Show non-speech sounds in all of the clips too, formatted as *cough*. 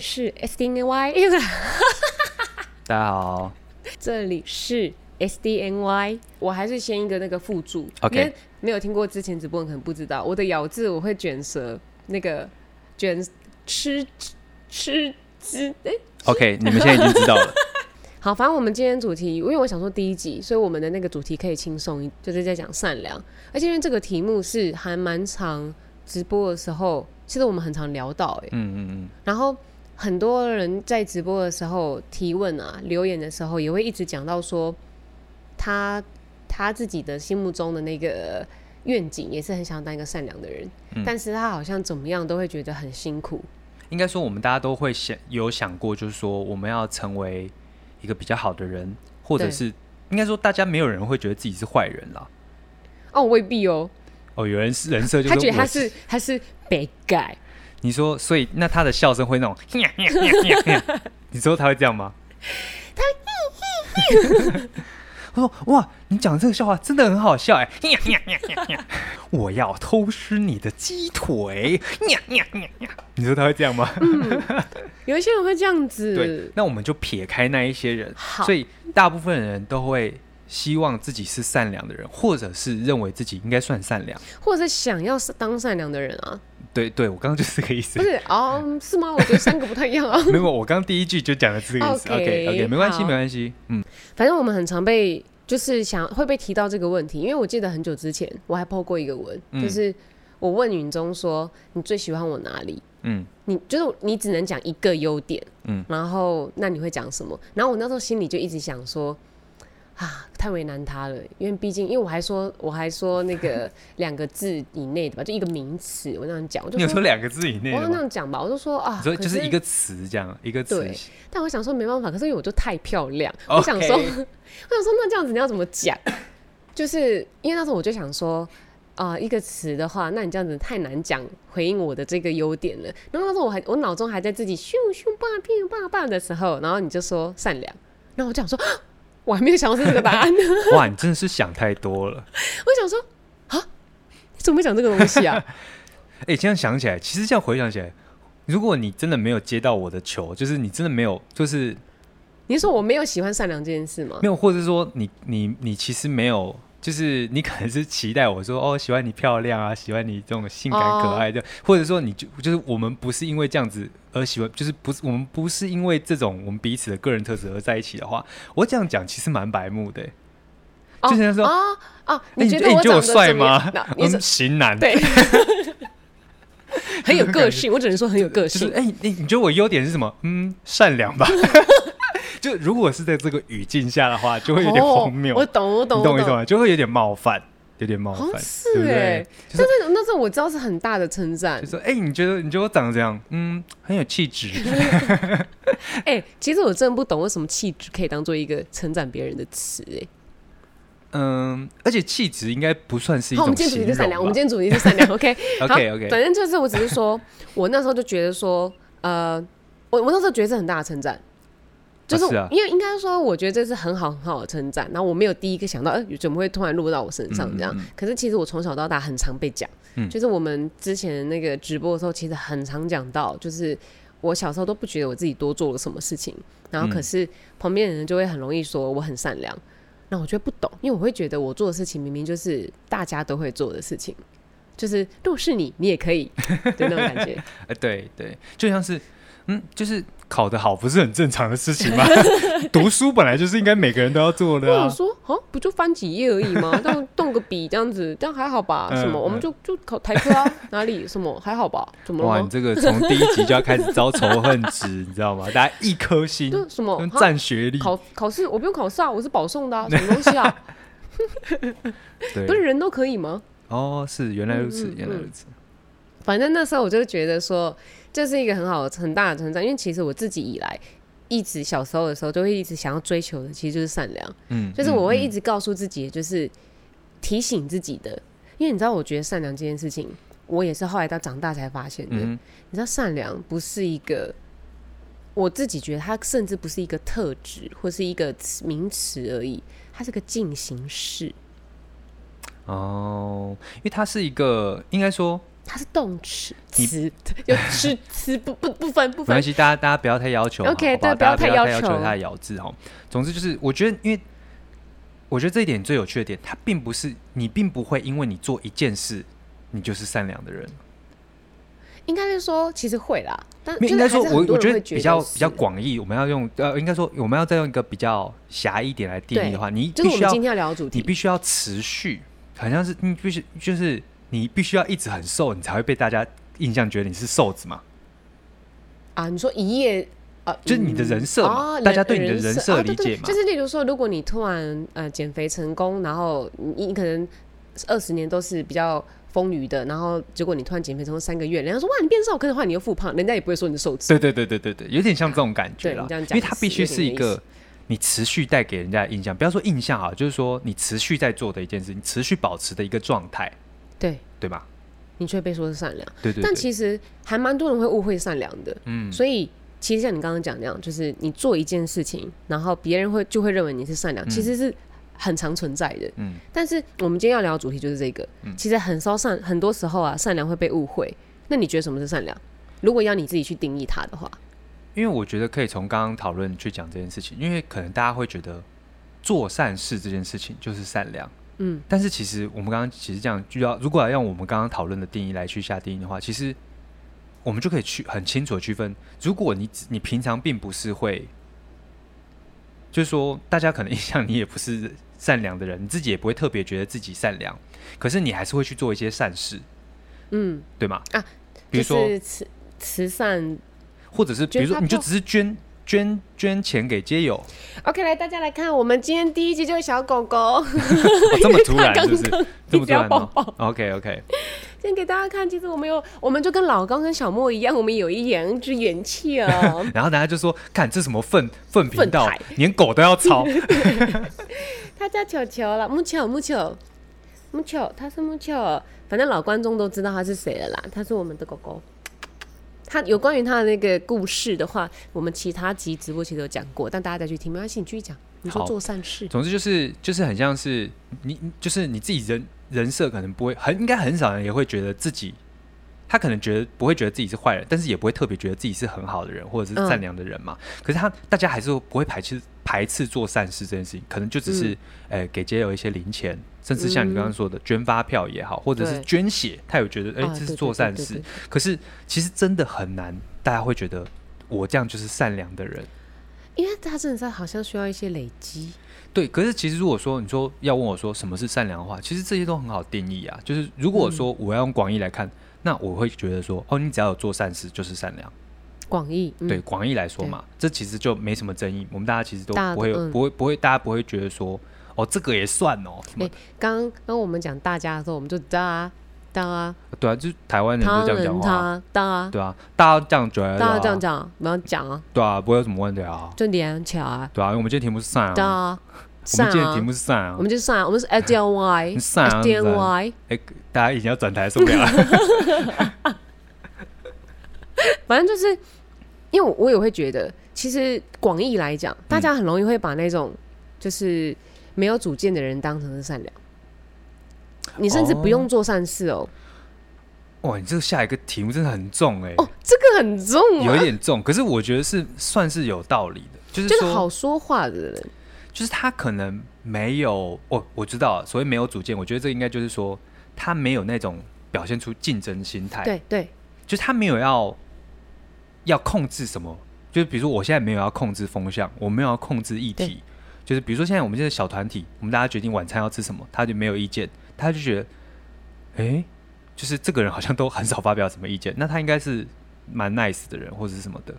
是 S D N Y， *laughs* 大家好，這裡是 S D N Y，我還是先一個那個附註，OK，沒有聽過之前直播，可能不知道我的咬字，我會捲舌，那個捲吃吃之，OK， *laughs* 你們現在已經知道了。 *laughs* 好，反正我們今天主題，因為我想說第一集，所以我們的那個主題可以輕鬆，就是在講善良，而且因為這個題目是還蠻長，直播的時候其實我們很常聊到、欸，哎，嗯嗯嗯，然後。很多人在直播的時候提問啊，留言的時候也會一直講到說他，他他自己的心目中的那個願景，也是很想當一個善良的人，嗯，但是他好像怎麼樣都會覺得很辛苦。應該說，我們大家都會想有想過，就是說我們要成為一個比較好的人，或者是應該說，大家沒有人會覺得自己是壞人啦。哦，未必哦。哦，有人是人設，就他覺得他是他是 bad guy。你說，所以那他的笑聲會那種， *laughs* 你說他會這樣嗎？ *laughs* 他會，他說，哇，你講這個笑話真的很好笑哎、欸！ *laughs* 我要偷吃你的雞腿！ *laughs* 你說他會這樣嗎、嗯？有一些人會這樣子，對，那我們就撇開那一些人，所以大部分人都會希望自己是善良的人，或者是認為自己應該算善良，或者是想要當善良的人啊？對對，我剛剛就是這個意思。不是哦，是嗎？我覺得三個不太一樣啊。沒有，我剛第一句就講了這個意思。OK OK，沒關係，沒關係。嗯，反正我們很常被就是想會被提到這個問題，因為我記得很久之前我還 po 過一個文。嗯，就是我問云中說你最喜歡我哪裡？嗯，你就是你只能講一個優點。嗯，然後那你會講什麼？然後我那時候心裡就一直想說。啊，太為難他了，因為畢竟，因為我還說，我還說那個兩 *laughs* 個字以內的吧，就一個名詞，我那樣講，我就說兩個字以內，我就那樣講吧，我就說啊，說就是一個詞，這樣一個詞。但我想說沒辦法，可是因為我就太漂亮，okay. 我想說，我想說，那這樣子你要怎麼講？ *coughs* 就是因為那時候我就想說啊、呃，一個詞的話，那你這樣子太難講，回應我的這個優點了。然後那時候我還我腦中還在自己咻咻吧、咻吧叮吧,叮吧的時候，然後你就說善良，然後我就想說。 *coughs* 我還沒有想到是這個答案呢。？ *laughs* 哇，你真的是想太多了。 *laughs* 我想說，啊，你怎麼會講這個東西啊？哎、 *laughs* 欸，這樣想起來，其實這樣回想起來，如果你真的沒有接到我的球，就是你真的沒有，就是你是說我沒有喜歡善良這件事嗎？沒有，或者說你你你其實沒有。就是你可能是期待我說哦，喜歡你漂亮啊，喜歡你這種性感可愛的，oh. 或者說你就就是我們不是因為這樣子而喜歡，就是不是我們不是因為這種我們彼此的個人特質而在一起的話，我這樣講其實蠻白目的、欸。Oh. 就是他說啊啊、oh. oh. oh. 欸，你覺得我帥、欸、嗎？我是型、嗯、男，對 *laughs* 很有個性、 *laughs* 就是。我只能說很有個性。哎、就是，你、就是欸欸、你覺得我優點是什麼？嗯，善良吧。 *laughs* 就如果是在這個語境下的話，就會有點荒謬。Oh, 我懂，我懂，我懂，我懂，就會有點冒犯，有點冒犯。Oh, 對對是，哎、欸就是，但是那時候我知道是很大的稱讚。就是，說哎、欸，你覺得你覺得我長得怎樣？嗯，很有氣質。哎、 *laughs* *laughs* 欸，其實我真的不懂為什麼氣質可以當做一個稱讚別人的詞哎、欸。嗯，而且氣質應該不算是一種。我們今天主題是善良， *laughs* 我們今天主題是善良。OK OK OK，反正就是我只是說，我那時候就覺得說，呃，我我那時候覺得是很大的稱讚。就是因為應該說，我覺得這是很好很好的稱讚。然後我沒有第一個想到，哎，怎麼會突然落到我身上這樣？可是其實我從小到大很常被講，就是我們之前那個直播的時候，其實很常講到，就是我小時候都不覺得我自己多做了什麼事情，然後可是旁邊的人就會很容易說我很善良。那我覺得不懂，因為我會覺得我做的事情明明就是大家都會做的事情，就是若是你，你也可以對那種感覺。 *laughs* 對對、對，就像是，嗯，就是。考得好不是很正常的事情嗎？ *laughs* 讀書本來就是應該每個人都要做的、啊。我說，不就翻幾頁而已嗎？就 *laughs* 動個筆這樣子，但還好吧、嗯？什麼？我們就就考台科啊？ *laughs* 哪裡？什麼？還好吧？怎麼了哇！你這個從第一集就要開始招仇恨值， *laughs* 你知道嗎？大家一顆心，什麼我們佔學歷？考考試我不用考試啊。我是保送的、啊，什麼東西啊 *laughs* *laughs* 不是人都可以嗎？哦，是原來如此，原來如此。嗯嗯反正那時候我就覺得說，這、就是一個很好很大的成長，因為其實我自己以來，一直小時候的時候就會一直想要追求的，其實就是善良，嗯，就是我會一直告訴自己，就是、嗯嗯、提醒自己的，因為你知道，我覺得善良這件事情，我也是後來到長大才發現的。嗯、你知道，善良不是一個，我自己覺得它甚至不是一個特質或是一個名詞而已，它是個進行式。哦，因為它是一個，應該說。它是動詞，詞有詞詞不不不分不分。沒關係，大家大家不要太要求。OK，好好對，不要太要求它的咬字哦。總之就是，我覺得，因為我覺得這一點最有趣的點，它並不是，你並不會因為你做一件事，你就是善良的人。應該是說，其實會啦。但是是是應該說，我我覺得比較比較廣義，我們要用呃，應該說我們要再用一個比較狹義點來定義的話，你就就是我們今天要聊的主題。你必須要持續，好像是你必須就是。你必須要一直很瘦，你才會被大家印象覺得你是瘦子嘛？啊，你說一夜啊，就是你的人設嘛、哦？大家對你的人設、啊、理解嘛？就是例如說，如果你突然呃減肥成功，然後你,你可能二十年都是比較豐腴的，然後結果你突然減肥成功三個月，人家說哇你變瘦可是的話你又復胖，人家也不會說你是瘦子。對對對對對對，有點像這種感覺啦、啊。因為他必須是一個你持續帶給人家的印象，不要說印象啊，就是說你持續在做的一件事情，你持續保持的一個狀態。對對吧？你卻被說是善良，對對、對。但其實還蠻多人會誤會善良的，嗯。所以其實像你剛剛講那樣，就是你做一件事情，然後別人會就會認為你是善良，其實是很常存在的，嗯。但是我們今天要聊的主題就是這個，嗯。其實很少善，很多時候啊，善良會被誤會。那你覺得什麼是善良？如果要你自己去定義它的話，因為我覺得可以從剛剛討論去講這件事情，因為可能大家會覺得做善事這件事情就是善良。嗯，但是其實我們剛剛其實這樣，就要如果要用我們剛剛討論的定義來去下定義的話，其實我們就可以去很清楚的區分，如果你你平常並不是會，就是說大家可能印象你也不是善良的人，你自己也不會特別覺得自己善良，可是你還是會去做一些善事，嗯，對嗎？啊，比如說慈慈善，或者是比如說你就只是捐。捐捐錢給街友。OK，來大家來看我們今天第一集就是小狗狗。 *laughs* 他剛剛 *laughs* 他剛剛這麼突然是不是？對不對？OK, okay。先給大家看，其實我們有，我們就跟老高跟小莫一樣，我們有一樣，一隻元氣哦、喔。 *laughs* 然後大家就說，看這什麼糞糞頻道，連狗都要抄。 *laughs* *laughs* *laughs* *laughs* 他叫球球啦，木球木球木球，他是木球，反正老觀眾都知道他是誰了啦。他是我們的狗狗。他有關於他的那個故事的話，我們其他集直播其實有講過，但大家再去聽沒關係，你繼續講。你說做善事，總之就是就是很像是你，就是你自己人人設可能不會很，應該很少人也會覺得自己，他可能覺得不會覺得自己是壞人，但是也不會特別覺得自己是很好的人或者是善良的人嘛。嗯。可是他大家還是不會排斥。排斥做善事這件事情，可能就只是、嗯、誒給街友一些零錢，甚至像你剛剛說的、嗯、捐發票也好，或者是捐血，他有覺得誒、啊、這是做善事。啊、對對對對對對對。可是其實真的很難，大家會覺得我這樣就是善良的人，因為他真的在好像需要一些累積。對，可是其實如果說你說要問我說什麼是善良的話，其實這些都很好定義啊。就是如果說我要用廣義來看，嗯、那我會覺得說哦，你只要有做善事就是善良。廣義、嗯、對廣義來說嘛，這其實就沒什麼爭議。我們大家其實都不會，嗯、不，會不會，不會，大家不會覺得說哦，這個也算哦。沒，剛、欸、剛我們講大家的時候，我們就大噠、啊。對啊，就是台灣人就這樣講話。噠。對啊，大家這樣覺得好好。大家這樣講，不要講啊。對啊，不會有什麼問題啊。就連起來啊。對啊，因為我們今天題目是善啊。善啊。我們今天題目是善啊，啊。我們就是善、啊、我們是 S、 *laughs* 啊、D N Y。S D N Y。哎、欸，大家已經要轉台送掉了。 *laughs* *laughs* 反正就是，因為我也會覺得，其實廣義來講，大家很容易會把那種、嗯、就是沒有主見的人當成是善良。你甚至不用做善事哦。哦哇，你這個下一個題目真的很重哎、欸。哦，這個很重，有一點重。可是我覺得是算是有道理的，就是就是好說話的人，就是他可能沒有哦，我知道所謂沒有主見，我覺得這應該就是說他沒有那種表現出競爭心態。對對，就是他沒有要。要控制什麼？就是比如說，我現在沒有要控制風向，我沒有要控制議題。就是比如說，現在我們這個小團體，我們大家決定晚餐要吃什麼，他就沒有意見，他就覺得，哎、欸，就是這個人好像都很少發表什麼意見，那他應該是蠻 nice 的人，或者是什麼的。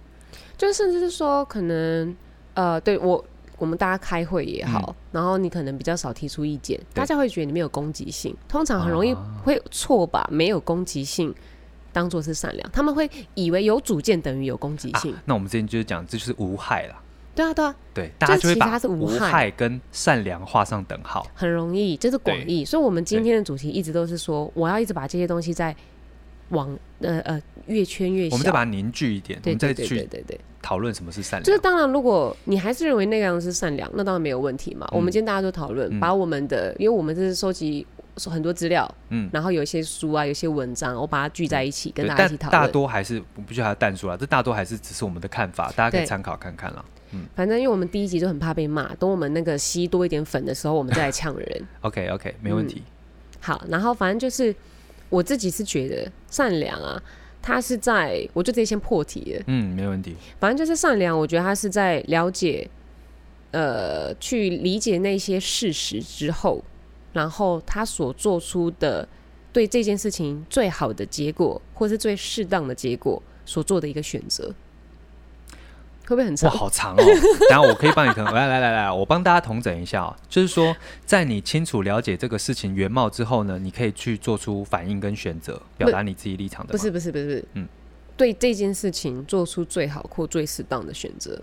就是甚至是說，可能呃，對我，我們大家開會也好、嗯，然後你可能比較少提出意見，大家會覺得你沒有攻擊性，通常很容易會錯吧、啊，沒有攻擊性。當做是善良，他們會以為有主見等於有攻擊性、啊。那我們今天就是講，這就是無害了。對啊，對啊，對啊，對、就是，大家就會把是無害跟善良畫上等號。很容易，這、就是廣義。所以，我們今天的主題一直都是說，我要一直把這些東西在往呃呃越圈越小。我們再把它凝聚一點，我們再去對對對討論什麼是善良。就是當然，如果你還是認為那個是善良，那當然沒有問題嘛。嗯、我們今天大家都討論、嗯，把我們的，因為我們這是收集。說很多資料，嗯，然後有一些書啊，有一些文章，我把它聚在一起，嗯、跟大家一起討論。大多還是我不覺得彈書了，這大多還是只是我們的看法，大家可以參考看看了。嗯，反正因為我們第一集就很怕被罵，等我們那個吸多一點粉的時候，我們再來嗆人。 *laughs* OK OK，沒問題、嗯。好，然後反正就是我自己是覺得善良啊，他是在，我就直接先破題了。嗯，沒問題。反正就是善良，我覺得他是在了解，呃，去理解那些事實之後。然後他所做出的對這件事情最好的結果，或是最適當的結果所做的一個選擇，會不會很長？哇，好長哦！然 *laughs* 後我可以幫你看，來來來來，我幫大家統整一下哦，就是說，在你清楚了解這個事情原貌之後呢，你可以去做出反應跟選擇，表達你自己立場的。不是不是不是，嗯，對這件事情做出最好或最適當的選擇。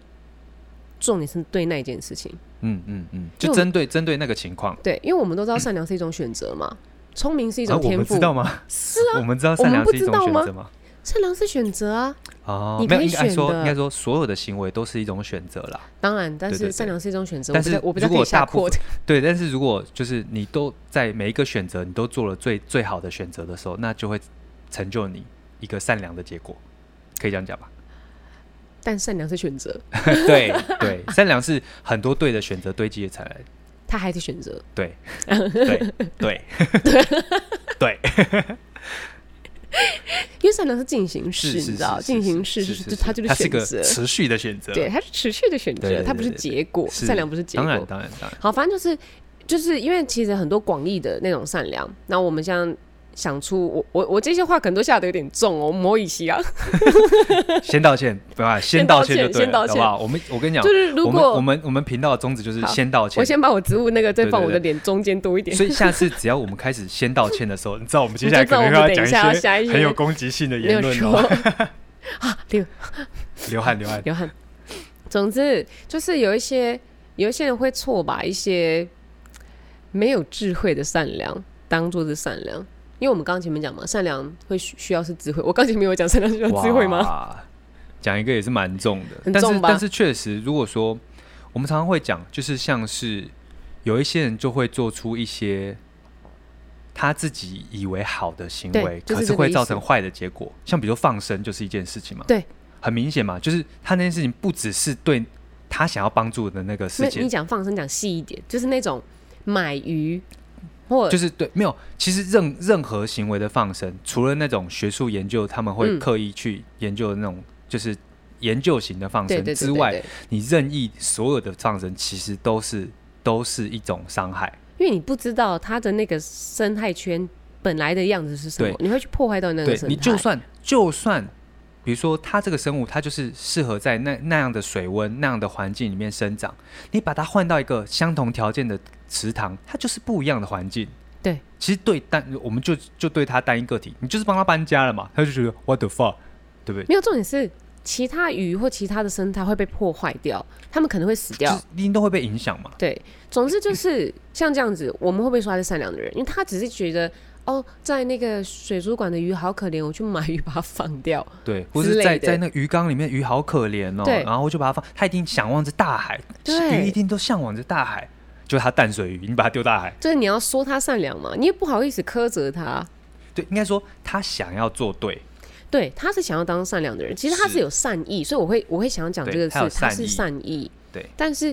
重點是對那一件事情，嗯嗯嗯，就針對針對那個情況，對，因為我們都知道善良是一種選擇嘛，嗯，聰明是一種天賦，啊、我們知道嗎？是、啊，我們知道善良是一種選擇嗎？善良是選擇啊，哦，你沒，應該說應該說所有的行為都是一種選擇啦。當然，但是善良是一種選擇，但是我，比較我比較下，如果大部分 *laughs* 對，但是如果就是你都在每一個選擇你都做了最最好的選擇的時候，那就會成就你一個善良的結果，可以這樣講吧？但善良是選擇， *laughs* 對對，善良是很多對的選擇堆積的才來、啊，他還是選擇，對對對 *laughs* *laughs* 對 *laughs* 因為善良是進行式，你知道，進行式是是是是就他就是選擇，持續的選擇，對，他是持續的選擇，他不是結果是，善良不是結果，當然當然當然，好，反正就是就是因為其實很多廣義的那種善良，那我們像。想出我我我這些話可能都下得有點重哦，摩伊西啊，先道歉，不要吧？先道歉，先道歉，道歉好不好？我們我跟你講，就是如果我們我們頻道的宗旨就是先道歉，我先把我植物那個再放我的臉中間多一點，對對對 *laughs* 所以下次只要我們開始先道歉的時候， *laughs* 你知道我們接下來可能會要講一些很有攻擊性的言論哦。流流汗流汗流汗，總之就是有一些有一些人會錯把一些沒有智慧的善良當做是善良。因為我們剛前面講嘛，善良會需需要是智慧。我剛才沒有講善良需要智慧嗎？講一個也是蠻重的，很重吧？但是，但是確實，如果說我們常常會講，就是像是有一些人就會做出一些他自己以為好的行為，就是、可是會造成壞的結果。像比如說放生就是一件事情嘛，對，很明顯嘛，就是他那件事情不只是對他想要幫助的那個事情，那你講放生講細一點，就是那種買魚。就是對，沒有。其實任任何行為的放生，除了那種學術研究，他們會刻意去研究的那種，嗯、就是研究型的放生之外，對對對對對，你任意所有的放生，其實都是都是一種傷害。因為你不知道它的那個生態圈本來的樣子是什麼，你會去破壞到那個生態。你就算就算。比如說，它這個生物，它就是適合在那那樣的水溫、那樣的環境裡面生長。你把它換到一個相同條件的池塘，它就是不一樣的環境。對，其實對單，單我們就就對它單一個體，你就是幫它搬家了嘛，它就覺得 what the fuck，對不對？沒有，重點是，其他魚或其他的生態會被破壞掉，它們可能會死掉，都、就是、都會被影響嘛。對，總之就是 *laughs* 像這樣子，我們會不會說他是善良的人？因為他只是覺得。哦、oh，在那個水族館的魚好可憐，我去買魚把它放掉。對，不是在在那個魚缸裡面，魚好可憐哦。對，然後我就把它放，它一定嚮往着大海。對，魚一定都嚮往着大海，就是它淡水魚，你把它丟大海。就是你要說它善良嘛，你也不好意思苛責它。對，應該說他想要做對。對，他是想要當善良的人，其實他是有善意，所以我會我會想講這個事，他是善意對。對，但是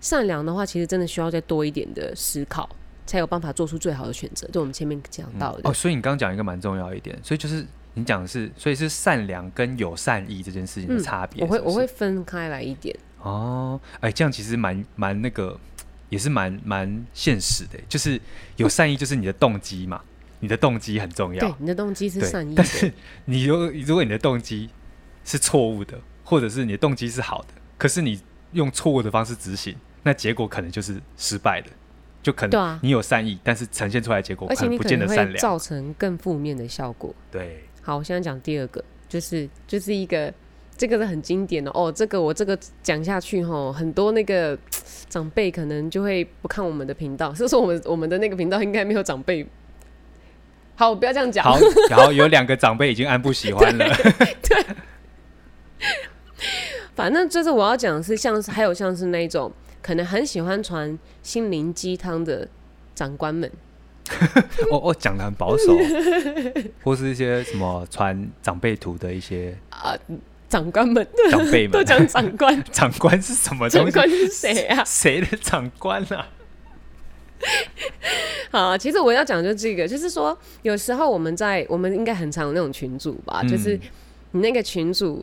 善良的話，其實真的需要再多一點的思考。才有辦法做出最好的選擇，就我們前面講到的、嗯、哦。所以你剛講一個蠻重要一點，所以就是你講的是，所以是善良跟有善意這件事情的差別、嗯。我會我會分開來一點哦。哎、欸，這樣其實蠻蠻那個，也是蠻蠻現實的。就是有善意，就是你的動機嘛， *laughs* 你的動機很重要。對，你的動機是善意，但是你如果如果你的動機是錯誤的，或者是你的動機是好的，可是你用錯誤的方式執行，那結果可能就是失敗的。就可能你有善意、啊，但是呈現出來的結果不見得善良，而且你可能會造成更負面的效果。對，好，我現在講第二個，就是就是一個這個是很經典的哦，這個我這個講下去吼，很多那個長輩可能就會不看我們的頻道，所以說我們我們的那個頻道應該沒有長輩。好，我不要這樣講。好，然後 *laughs* 有兩個長輩已經按不喜歡了。 *laughs* 對，對 *laughs* 反正就是我要講的是像，像是還有像是那一種。可能很喜歡傳心靈雞湯的長官們，我我講的很保守， *laughs* 或是一些什麼傳長輩圖的一些啊長官們、長輩們 *laughs* 都講長官，長官是什麼東西？長官是誰啊？誰的長官啊？ *laughs* 好啊，其實我要講就這個，就是說有時候我們在我們應該很常有那種群組吧，嗯，就是你那個群組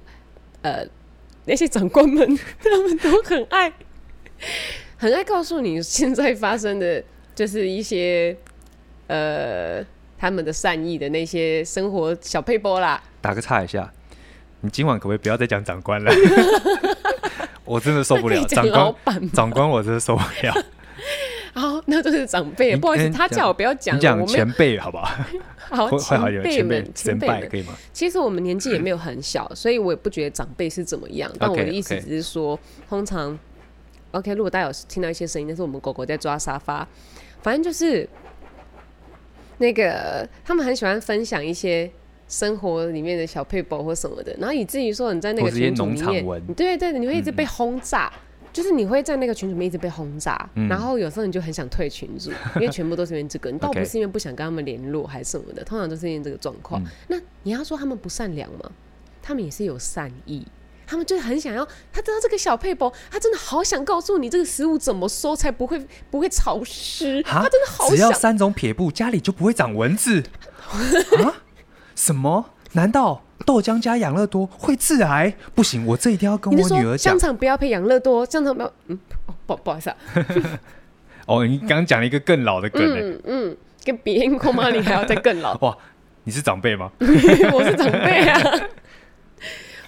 呃那些長官們他們都很愛。很愛告訴你現在發生的，就是一些呃他們的善意的那些生活小配波啦。打個岔一下，你今晚可不可以不要再講長官了？ *laughs* *laughs* 我真的受不了 *laughs* 長官，長官我真的受不了。 *laughs* 好，那都是長輩，不好意思，他叫我不要講。講前輩，好不好？ *laughs* 好前輩們，前輩可以嗎？其實我們年紀也沒有很小， *laughs* 所以我也不覺得長輩是怎麼樣。但我的意思只是說，okay, okay. 通常。OK，如果大家有聽到一些聲音，那是我們狗狗在抓沙發。反正就是那個他們很喜歡分享一些生活裡面的小撇步或什麼的，然後以至於說你在那個群組裡面，對對，你會一直被轟炸、嗯，就是你會在那個群裡面一直被轟炸、嗯。然後有時候你就很想退群、嗯、因為全部都是因為這個，你倒不是因為不想跟他們聯絡還是什麼的， *laughs* okay. 通常都是因為這個狀況、嗯。那你要說他們不善良嗎？他們也是有善意。他們就是很想要，他知道這個小撇步，他真的好想告訴你，這個食物怎麼收才不會不會潮濕、啊。他真的好想，只要三種撇步，家裡就不會長蚊子、 *laughs* 啊、什麼？難道豆漿加養樂多會致癌？不行，我這一定要跟我女兒講，香腸不要配養樂多，香腸不要。嗯，不不好意思、啊。 *laughs* 哦，你剛剛講了一個更老的梗、欸，嗯嗯，跟比人科瑪你還要再更老。 *laughs* 哇，你是長輩嗎？ *laughs* 我是長輩啊。 *laughs*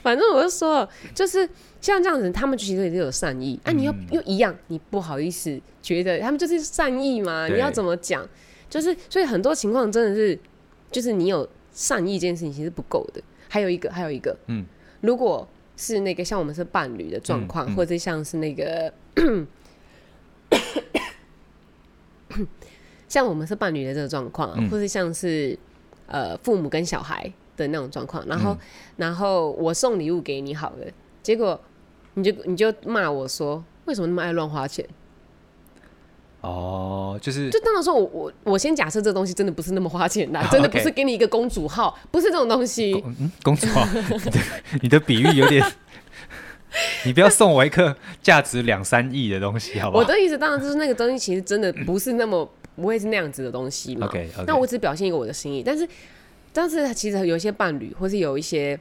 反正我就說就是像這樣子，他們其實也有善意啊。你又、嗯、又一樣，你不好意思覺得他們就是善意嘛？你要怎麼講？就是所以很多情況真的是，就是你有善意這件事情其實不夠的。還有一個，還有一個、嗯，如果是那個像我們是伴侶的狀況、嗯嗯，或者像是那個 *coughs* 像我們是伴侶的這個狀況、嗯，或者像是呃父母跟小孩。的那種狀況，然後、嗯，然後我送禮物給你好了，結果你就你就罵我說，為什麼那麼愛亂花錢？哦，就是就當然說我我我先假設這東西真的不是那麼花錢的、哦，真的不是給你一個公主號，哦 okay，不是這種東西。公、嗯、公主號 *laughs* 你，你的比喻有點， *laughs* 你不要送我一個價值兩三億的東西好不好？我的意思當然就是那個東西其實真的不是那麼、嗯、不會是那樣子的東西嘛。OK，那、okay，我只表現一個我的心意，但是。但是，其實有一些伴侶，或是有一些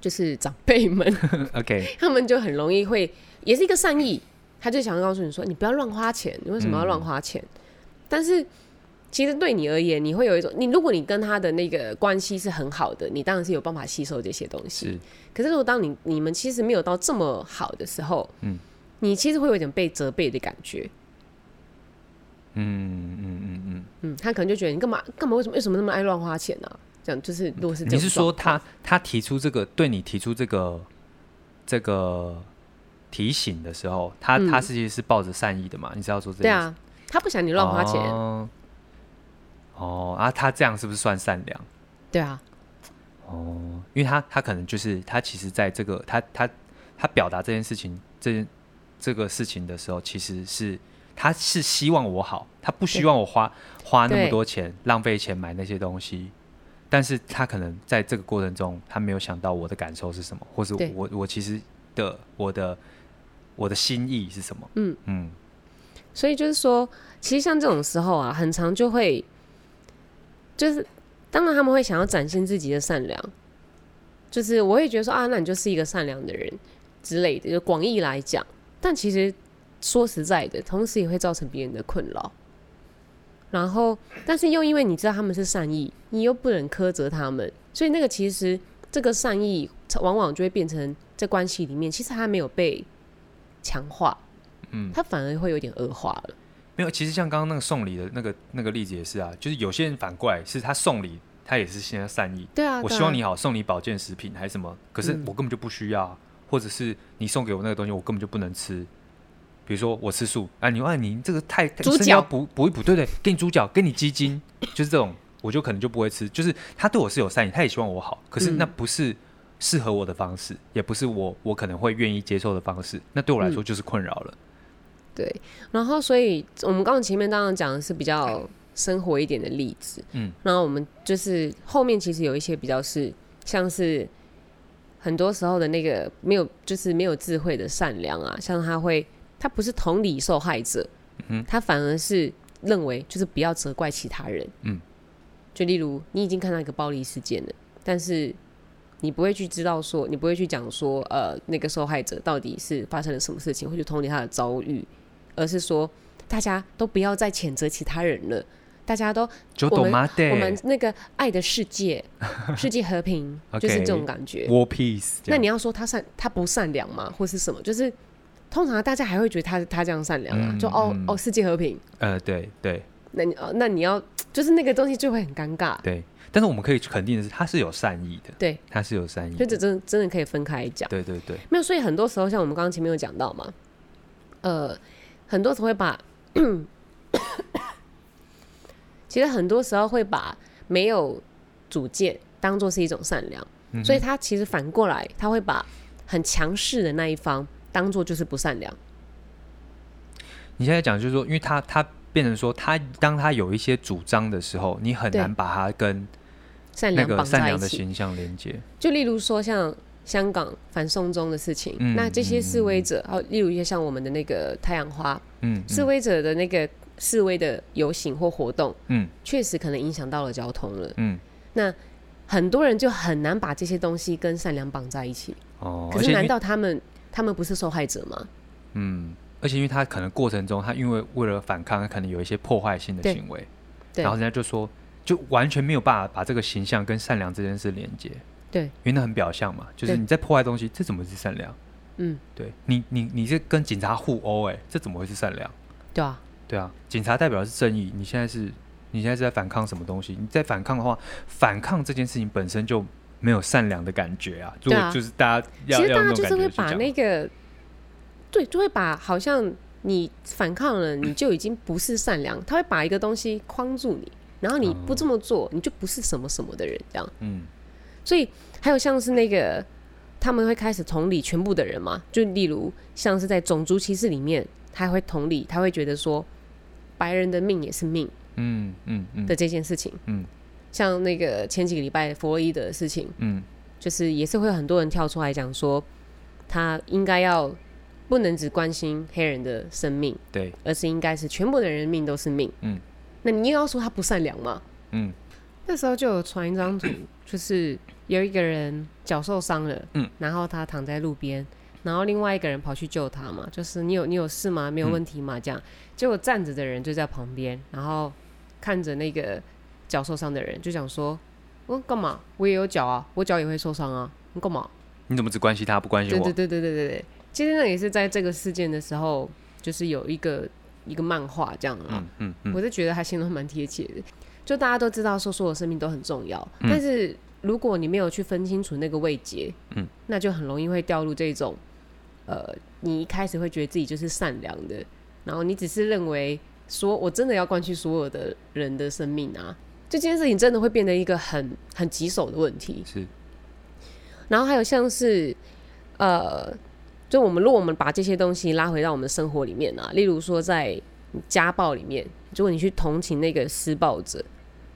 就是長輩們 *laughs* ，OK，他們就很容易會，也是一個善意，他就想要告訴你說，你不要亂花錢，你為什麼要亂花錢？嗯。但是，其實對你而言，你會有一種，你如果你跟他的那個關係是很好的，你當然是有辦法吸收這些東西。是。可是，如果當你你們其實沒有到這麼好的時候，嗯，你其實會有一點被責備的感覺。嗯嗯嗯嗯嗯，他可能就覺得你幹嘛幹嘛？嘛為什麼為什麼那麼愛亂花錢呢、啊？這樣就是如果是這你是說他他提出這個對你提出這個這個提醒的時候，他、嗯、他是其實是抱着善意的嘛？你知道說這樣？對啊，他不想你亂花錢。哦，哦啊，他這樣是不是算善良？對啊。哦，因為他他可能就是他其實在這個他他他表達這件事情這這個事情的時候，其實是。他是希望我好，他不希望我花花那麼多錢、浪費錢買那些東西，但是他可能在這個過程中，他沒有想到我的感受是什麼，或是我我其實的我的我的心意是什麼。嗯嗯。所以就是說，其實像這種時候啊，很常就會，就是當然他們會想要展現自己的善良，就是我會覺得說啊，那你就是一個善良的人之類的，就廣義來講，但其實。說實在的，同時也會造成別人的困擾。然後，但是又因為你知道他們是善意，你又不能苛責他們，所以那個其實這個善意往往就會變成在關係裡面，其實還沒有被強化，嗯，他反而會有點惡化了、嗯。沒有，其實像剛剛那個送禮的那個那個例子也是啊，就是有些人反過來是他送禮，他也是現在善意對，啊，對啊，我希望你好，送你保健食品還是什麼，可是我根本就不需要、嗯，或者是你送給我那個東西，我根本就不能吃。比如說我吃素啊你，你、啊、問你這個太，豬腳要補補一補，對，對對，給你豬腳，給你雞精，就是這種，我就可能就不會吃。就是他對我是有善意，他也希望我好，可是那不是適合我的方式，嗯、也不是我我可能會願意接受的方式，那對我來說就是困擾了、嗯。對，然後所以我們剛剛前面剛剛講的是比較生活一點的例子，嗯，然後我們就是後面其實有一些比較是像是很多時候的那個沒有就是沒有智慧的善良啊，像他會。他不是同理受害者，嗯，他反而是認為就是不要責怪其他人。嗯，就例如你已經看到一個暴力事件了，但是你不會去知道說，你不會去講說，呃，那個受害者到底是發生了什麼事情，或者同理他的遭遇，而是說大家都不要再譴責其他人了，大家都我們我們那個愛的世界，世界和平， *laughs* 就是這種感覺。Okay. War peace, yeah。那你要說他善，他不善良嗎？或是什麼？就是。通常大家還會覺得他他這樣善良啊，嗯、就哦、嗯、哦世界和平，呃對對，那你哦那你要就是那個東西就會很尷尬，對。但是我們可以肯定的是，他是有善意的，對，他是有善意的，所以這真真的可以分開講，對對對。沒有，所以很多時候像我們剛剛前面有講到嘛，呃，很多時候會把， *coughs* 其實很多時候會把沒有主見當做是一種善良、嗯，所以他其實反過來他會把很強勢的那一方。當做就是不善良，你現在講就是說，因為他他變成說他，他當他有一些主張的時候，你很難把他跟那個善良綁在一起。善良的形象連接，就例如說像香港反送中的事情，嗯，那這些示威者，嗯，例如一些像我們的那個太陽花，嗯嗯，示威者的那個示威的遊行或活動，嗯，確實可能影響到了交通了，嗯，那很多人就很難把這些東西跟善良綁在一起。哦，可是難道他們？他們不是受害者嗎？嗯，而且因為他可能過程中，他因為為了反抗，他可能有一些破壞性的行為，對，對，然後人家就說，就完全沒有辦法把這個形象跟善良這件事連接，對，因為那很表象嘛，就是你在破壞東西，這怎麼是善良？嗯，對你，你你是跟警察互毆，哎，這怎麼會是善良？對啊，對啊，警察代表的是正義，你現在是，你現在是在反抗什麼東西？你在反抗的話，反抗這件事情本身就。沒有善良的感覺啊！如就、啊、就是大家要，其實大家就是會把那個，對，就會把好像你反抗了，你就已經不是善良、嗯。他會把一個東西框住你，然後你不這麼做、哦，你就不是什麼什麼的人這樣。嗯，所以還有像是那個，他們會開始同理全部的人嘛，就例如像是在種族歧視裡面，他會同理，他會覺得說，白人的命也是命。嗯嗯嗯的這件事情。嗯。嗯嗯嗯像那個前幾個禮拜佛洛伊德的事情，嗯，就是也是會有很多人跳出來講說，他應該要不能只關心黑人的生命，對，而是應該是全部的人命都是命，嗯，那你又要說他不善良嗎？嗯，那時候就有傳一張圖，就是有一個人腳受傷了，嗯，然後他躺在路邊，然後另外一個人跑去救他嘛，就是你有你有事嗎？沒有問題嘛、嗯，這樣，結果站着的人就在旁邊，然後看着那個。腳受傷的人就想說：“我、嗯、幹嘛？我也有腳啊，我腳也會受傷啊。你幹嘛？你怎麼只關心他，不關心我？”對對對對對對，其實呢，也是在這個事件的時候，就是有一個一個漫畫這樣啊。嗯嗯，嗯，我是覺得他形容蠻貼切的。就大家都知道說，所有生命都很重要。但是如果你沒有去分清楚那個位階，嗯，那就很容易會掉入這種，呃，你一開始會覺得自己就是善良的，然後你只是認為說我真的要關心所有的人的生命啊。這件事情真的會變得一個很很棘手的問題。是。然後還有像是，呃，就我們如果我們把這些東西拉回到我們的生活裡面啊，例如說在家暴裡面，如果你去同情那個施暴者，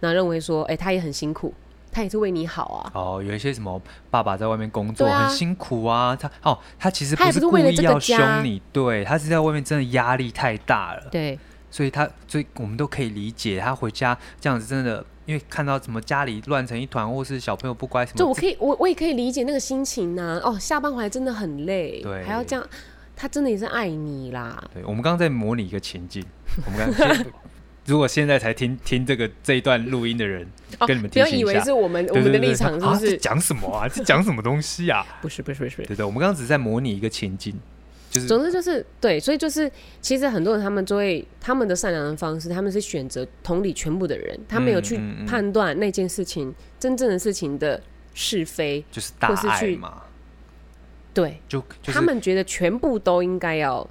那認為說，哎、欸，他也很辛苦，他也是為你好啊。哦，有一些什麼爸爸在外面工作、啊、很辛苦啊，他哦，他其實不是故意要凶你，他，對，他是在外面真的壓力太大了。對。所以他，所以我們都可以理解他回家這樣子真的，因為看到什麼家裡亂成一團，或是小朋友不乖什麼。就我可以，我我也可以理解那個心情吶、啊。哦，下班回來真的很累，對，還要這樣，他真的也是愛你啦。對，我們剛剛在模擬一個情境。我們剛 *laughs* 如果現在才聽聽這個這一段錄音的人，跟你們聽一下，哦，不要以為是我們我們的立場就是講什麼啊？是 *laughs* 講什麼東西啊？不是不是不是。對對對，我們剛剛只是在模擬一個情境。就是、總之就是對，所以就是其實很多人他們作為他們的善良的方式，他們是選擇同理全部的人，他沒有去判斷那件事情、嗯嗯、真正的事情的是非，就是大愛嘛是去。對，就、就是、他們覺得全部都應該要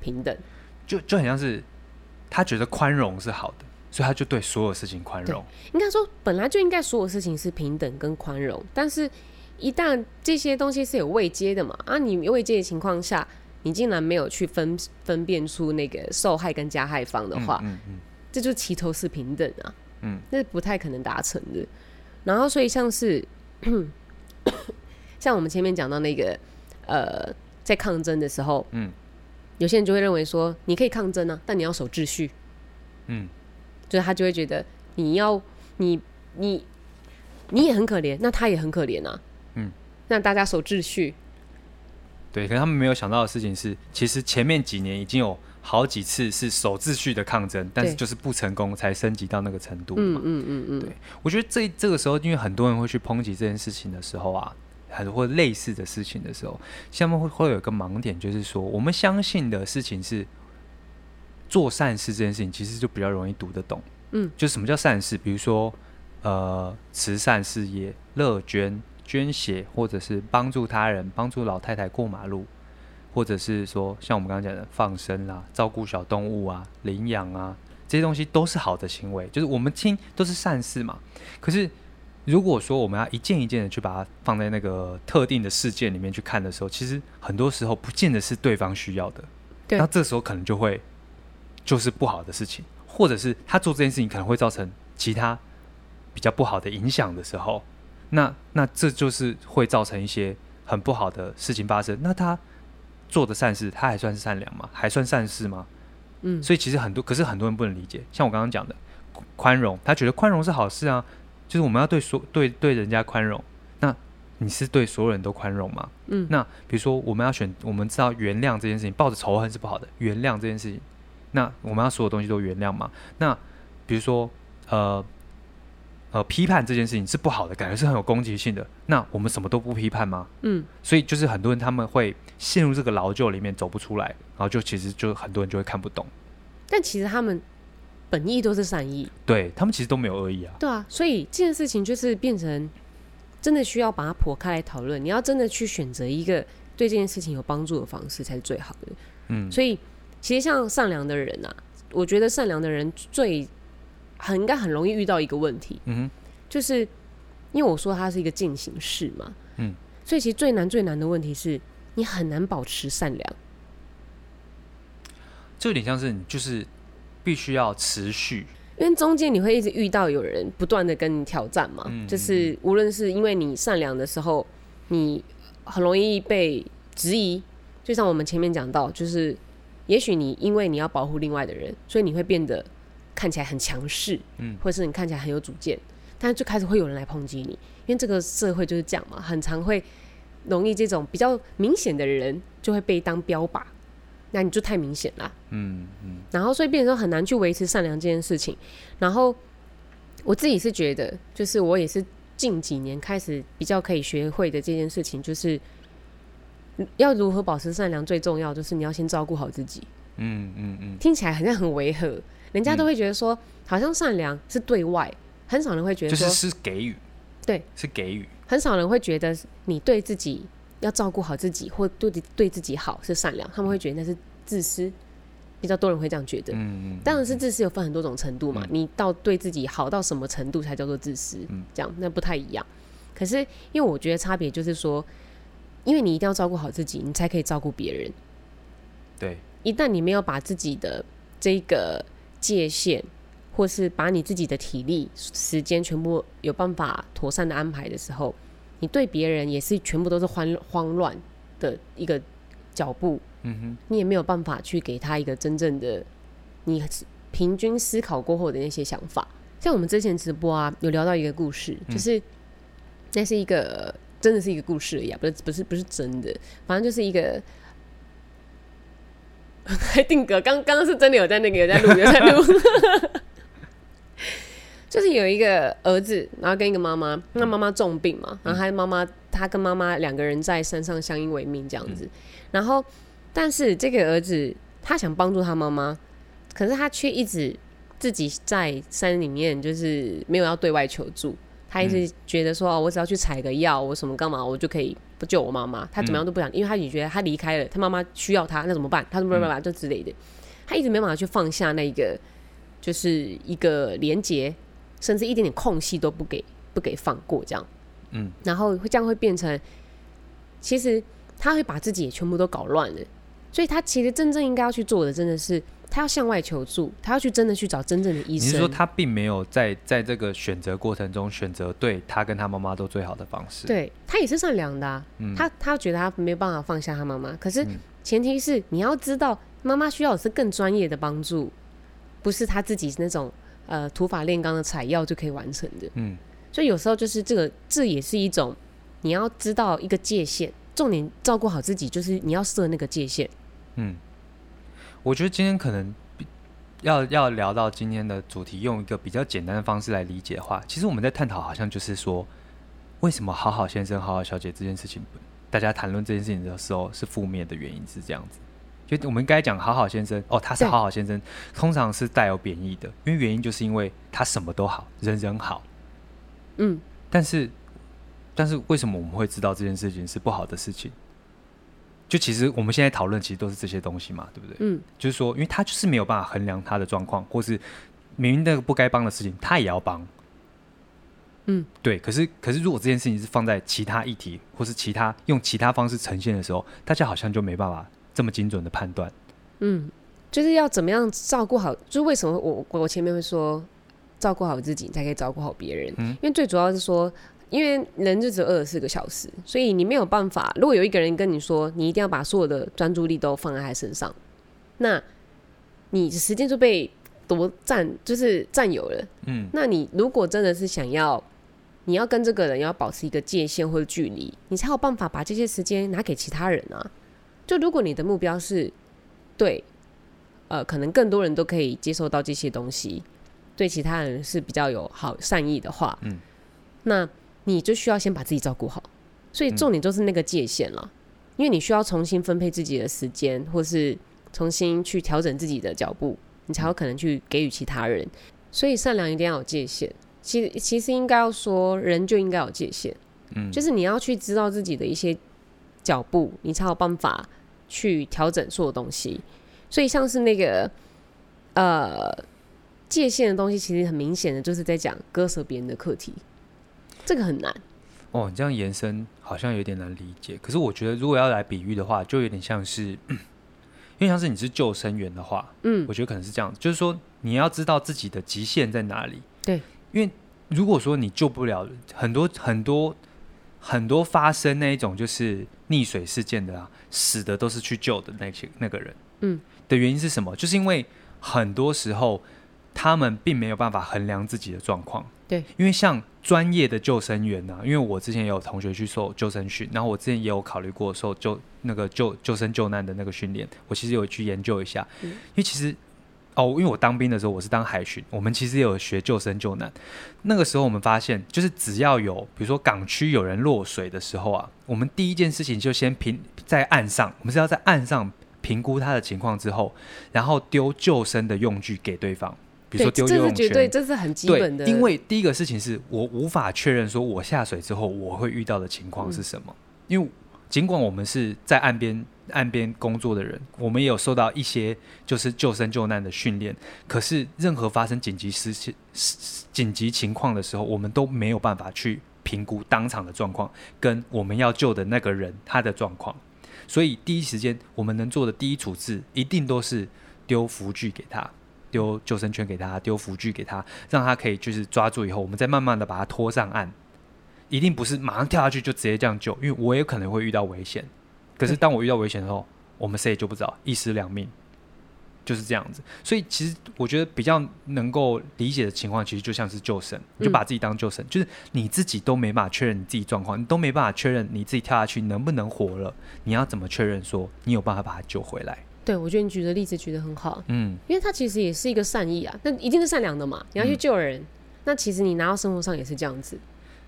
平等，就就很像是他覺得寬容是好的，所以他就對所有事情寬容。應該說本來就應該所有事情是平等跟寬容，但是。一旦這些東西是有未接的嘛？啊，你未接的情況下，你竟然沒有去分分辨出那個受害跟加害方的話，嗯嗯嗯、這就齊頭式平等啊，嗯，那不太可能達成的。然後，所以像是 *coughs* 像我們前面講到那個，呃，在抗爭的時候，嗯，有些人就會認為說，你可以抗爭啊，但你要守秩序，嗯，所以他就會覺得，你要你你你也很可憐，那他也很可憐啊。讓大家守秩序。對，可是他們沒有想到的事情是，其實前面幾年已經有好幾次是守秩序的抗爭，但是就是不成功，才升級到那個程度嘛。嗯嗯嗯嗯。對，我覺得這這個時候，因為很多人會去抨擊這件事情的時候啊，還是或類似的事情的時候，下面會會有一個盲點，就是說我們相信的事情是做善事這件事情，其實就比較容易讀得懂。嗯，就什麼叫善事？比如說，呃，慈善事業、樂捐。捐血，或者是幫助他人，幫助老太太過馬路，或者是說像我們剛剛講的放生啦、啊、照顧小動物啊、領養啊這些東西，都是好的行為，就是我們聽都是善事嘛。可是如果說我們要一件一件的去把它放在那個特定的事件裡面去看的時候，其實很多時候不見得是對方需要的，那這時候可能就會就是不好的事情，或者是他做這件事情可能會造成其他比較不好的影響的時候。那那這就是會造成一些很不好的事情發生。那他做的善事，他還算是善良嗎？還算善事嗎？嗯，所以其實很多，可是很多人不能理解。像我剛剛講的，寬容，他覺得寬容是好事啊，就是我們要對所對對人家寬容。那你是對所有人都寬容嗎？嗯，那比如說，我們要選，我們知道原諒這件事情，抱着仇恨是不好的，原諒這件事情，那我們要所有東西都原諒嗎？那比如說呃。呃，批判這件事情是不好的，感覺是很有攻擊性的。那我們什麼都不批判嗎？嗯，所以就是很多人他們會陷入這個窠臼裡面走不出來，然後就其實就很多人就會看不懂。但其實他們本意都是善意，對他們其實都沒有惡意啊。對啊，所以這件事情就是變成真的需要把它剖開來討論。你要真的去選擇一個對這件事情有幫助的方式，才是最好的。嗯，所以其實像善良的人啊，我覺得善良的人最。很應該很容易遇到一個問題，嗯哼，就是因為我說它是一個進行式嘛，嗯，所以其實最難最難的問題是你很難保持善良，這有點像是你就是必須要持續，因為中間你會一直遇到有人不斷的跟你挑戰嘛，嗯哼，就是無論是因為你善良的時候，你很容易被質疑，就像我們前面講到，就是也許你因為你要保護另外的人，所以你會變得。看起來很強勢，嗯，或是你看起來很有主見，但是就開始會有人來抨擊你，因為這個社會就是這樣嘛，很常會容易這種比較明顯的人就會被當標靶，那你就太明顯了，嗯嗯，然後所以變成很難去維持善良這件事情。然後我自己是覺得，就是我也是近幾年開始比較可以學會的這件事情，就是要如何保持善良，最重要的就是你要先照顧好自己。嗯嗯嗯，聽起來好像很違和。人家都會覺得說，好像善良是對外，嗯、很少人會覺得、就是是給予，對，是給予，很少人會覺得你對自己要照顧好自己，或對對自己好是善良、嗯，他們會覺得那是自私，比較多人會這樣覺得。嗯嗯，當然是自私有分很多種程度嘛、嗯，你到對自己好到什麼程度才叫做自私？嗯，這樣那不太一樣。可是因為我覺得差別就是說，因為你一定要照顧好自己，你才可以照顧別人。對，一旦你沒有把自己的這個。界限，或是把你自己的體力、時間全部有辦法妥善的安排的時候，你對別人也是全部都是慌慌亂的一個腳步。嗯哼，你也沒有辦法去給他一個真正的你平均思考過後的那些想法。像我們之前直播啊，有聊到一個故事，就是，嗯，那是一個真的是一個故事而已啊，不是不是不是真的，反正就是一個。還定格，剛剛是真的有在那個有在錄有在錄， *laughs* 就是有一個兒子，然後跟一個媽媽，那媽媽重病嘛，嗯、然後他媽媽他跟媽媽兩個人在山上相依為命這樣子，嗯、然後但是這個兒子他想幫助他媽媽，可是他卻一直自己在山裡面，就是沒有要對外求助，他一直覺得說，嗯、我只要去採個藥，我什麼幹嘛我就可以，不救我媽媽，他怎麼樣都不想，嗯、因為他也覺得他離開了，他媽媽需要他，那怎麼辦？他說 blablabla，就之類的，他一直沒辦法去放下那個，就是一個連接，甚至一點點空隙都不給，不給放過這樣，嗯，然後會這樣會變成，其實他會把自己也全部都搞亂了，所以他其實真正應該要去做的，真的是。他要向外求助，他要去真的去找真正的醫生。你是說他並沒有在在這個選擇過程中選擇對他跟他媽媽都最好的方式？對，他也是善良的，啊嗯，他他覺得他沒辦法放下他媽媽。可是前提是，嗯、你要知道，媽媽需要的是更專業的幫助，不是他自己那種呃土法煉鋼的採藥就可以完成的。嗯，所以有時候就是這個，這也是一種你要知道一個界限，重點照顧好自己，就是你要設那個界限。嗯。我覺得今天可能要要聊到今天的主題，用一個比較簡單的方式來理解的話，其實我們在探討好像就是說，為什麼好好先生、好好小姐這件事情，大家談論這件事情的時候是負面的，原因是這樣子。就我們該講好好先生哦，他是好好先生，通常是帶有貶義的，因為原因就是因為他什麼都好，人人好。嗯，但是但是為什麼我們會知道這件事情是不好的事情？就其實我們現在討論，其實都是這些東西嘛，對不對？嗯，就是說，因為他就是沒有辦法衡量他的狀況，或是明明那個不該幫的事情，他也要幫。嗯，對。可是，可是如果這件事情是放在其他議題，或是其他用其他方式呈現的時候，大家好像就沒辦法這麼精準的判斷。嗯，就是要怎麼樣照顧好，就為什麼我我前面會說，照顧好自己才可以照顧好別人？嗯，因為最主要是說。因為人就只有二十四個小時，所以你沒有辦法。如果有一個人跟你說，你一定要把所有的專注力都放在他身上，那你的時間就被奪佔，就是佔有了。嗯，那你如果真的是想要，你要跟這個人要保持一個界限或者距離，你才有辦法把這些時間拿給其他人啊。就如果你的目標是，對，呃，可能更多人都可以接受到這些東西，對其他人是比較有好，好善意的話，嗯，那。你就需要先把自己照顧好，所以重點就是那個界限了，因為你需要重新分配自己的時間，或是重新去調整自己的腳步，你才有可能去給予其他人。所以善良一定要有界限，其實其實應該要說，人就應該有界限，就是你要去知道自己的一些腳步，你才有辦法去調整所有東西。所以像是那個呃界限的東西，其實很明顯的就是在講割捨別人的課題。這個很難哦，你這樣延伸好像有點難理解。可是我覺得，如果要來比喻的話，就有點像是，因為像是你是救生員的話，嗯，我覺得可能是這樣，就是說你要知道自己的極限在哪裡。對，因為如果說你救不了很多很多很多發生那一種就是溺水事件的啊，死的都是去救的那些那個人，嗯，的原因是什麼？就是因為很多時候他們並沒有辦法衡量自己的狀況。對，因為像。專業的救生員呢、啊，因為我之前也有同學去受救生訓，然後我之前也有考慮過受救那個救救生救難的那個訓練，我其實有去研究一下，嗯、因為其實哦，因為我當兵的時候我是當海巡，我們其實也有學救生救難，那個時候我們發現，就是只要有比如說港區有人落水的時候啊，我們第一件事情就先評在岸上，我們是要在岸上評估他的情況之後，然後丟救生的用具給對方。比如說丟游泳圈，對，這是絕對，這是很基本的。對，因為第一個事情是我無法確認，說我下水之後我會遇到的情況是什麼。嗯、因為儘管我們是在岸邊岸邊工作的人，我們也有受到一些就是救生救難的訓練、嗯，可是任何發生緊急事情緊急情況的時候，我們都沒有辦法去評估當場的狀況跟我們要救的那個人，他的狀況，所以第一時間我們能做的第一處置一定都是丟浮具給他。丟救生圈給他，丟浮具給他，讓他可以就是抓住以後，我們再慢慢的把他拖上岸。一定不是馬上跳下去就直接這樣救，因為我也可能會遇到危險。可是當我遇到危險的時候，我們誰也救不著，一屍兩命就是這樣子。所以其實我覺得比較能夠理解的情況，其實就像是救生、嗯，就把自己當救生，就是你自己都沒辦法確認你自己狀況，你都沒辦法確認你自己跳下去能不能活了，你要怎麼確認說你有辦法把他救回來？對，我覺得你舉的例子舉得很好，嗯，因為他其實也是一個善意啊，那一定是善良的嘛。你要去救人，嗯、那其實你拿到生活上也是這樣子。